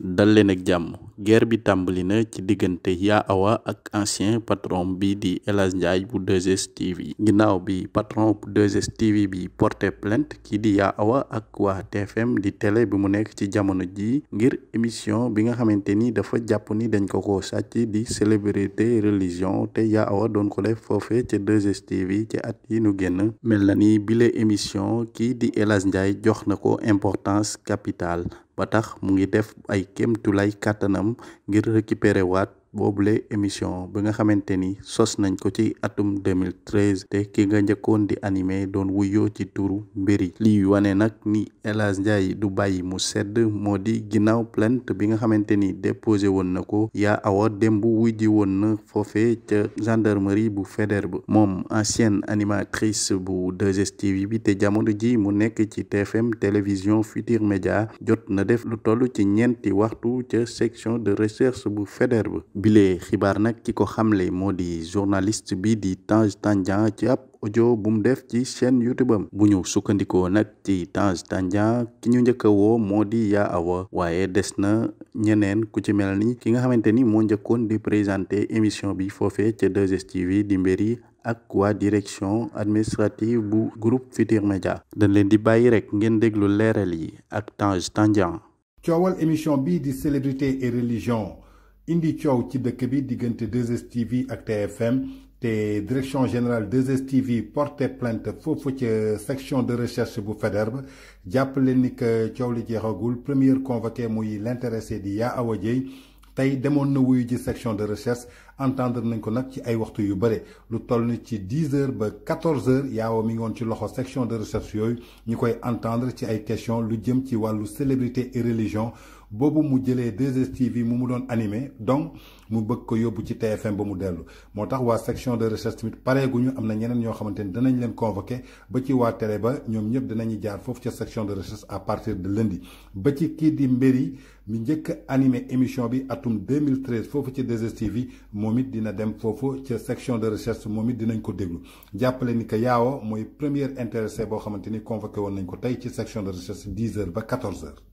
dal leen ak jàmm guerre bi tàmbali na ci diggante Yaa Awa ak ancien patron bi di El Hadj bu 2 ginnaaw bi patron bu 2STV bi porté plainte kii di Yaa Awa ak waa TFM di tele bi mu nekk ci jamono ji ngir émission bi nga xamante ni dafa jàpp ni dañ ko ko sàcc di célébrité religion te Yaa Awa doon ko def foofe ca 2 ci at yi nu génn mel na ni bile émission kii di El Hadj Ndiaye jox na ko importance capitale ba tax mu ngi def ay kéemtulaay kàttanam ngir récupérer boobule émission bi nga xamante ni sos nañ ko ci atum 2013 te ki nga njëkkoon di anime doon wuyoo ci turu mbiri lii wane nag ni El Hadj du bàyyi mu sedd moo di ginnaaw plainte bi nga xamante ni déposé woon na ko yaa awa démb wujji woon na foofe ca gendarmerie bu Faidherbe moom ancienne animatrice bu 2STV bi te jamono ji mu nekk ci TFM télévision Futur Média jot na def lu toll ci ñeenti waxtu ca section de recherche bu Faidherbe bilee xibaar nag ki ko xamle moo di journaliste bi di Tange Tandian ci ab audio bu mu def ci chaîne youtube am bu ñu sukkandikoo nag ci Tange Tandian ki ñu njëkk a woo moo di Yaa Awa waaye des na ñeneen ku ci mel ni ki nga xamante ni moo njëkkoon di présenter émission bi foofee ca 2STV di mbiri ak waa direction administrative bu groupe Futurs média dañ leen di bàyyi rek ngeen déglu leeral yi ak Tange Tandian indi coow ci dëkk bi diggante 2STV ak TFM te direction générale 2STV porté plainte foofu ca section de recherche bu Faidherbe jàpp leen ni que coow li jeexagul première convoqué muy l'intéressé di Yaa Awa Dieye tey demoon na wuyu ji section de recherche entendre nañ ko nag ci ay waxtu yu bare lu toll ni ci dix heures ba quatorze heures yaawa mi ngi ci loxo section de recherche yooyu ñu koy entendre ci ay question lu jëm ci wàllu célébrité et boobu mu jëlee 2STV mu mu doon animé donc mu bëgg ko yóbbu ci TFM ba mu dellu moo tax waa section de recherche tamit pareeguñu am na ñeneen ñoo xamante ni danañ leen convoqué ba ci waa télé ba ñoom ñëpp danañu jaar foofu ca section de recherche à partir de lundi ba ci kii di mbir yi mi njëkk animé émission bi atum 2013 foofu ci 2STV moo moom dina dem foofu ca section de recherche moom it ko déglu jàppale ni que yaawo mooy première intéressé boo xamante ni convoqué woon nañ ko tey ci section de recherche dix heures ba quatorze heures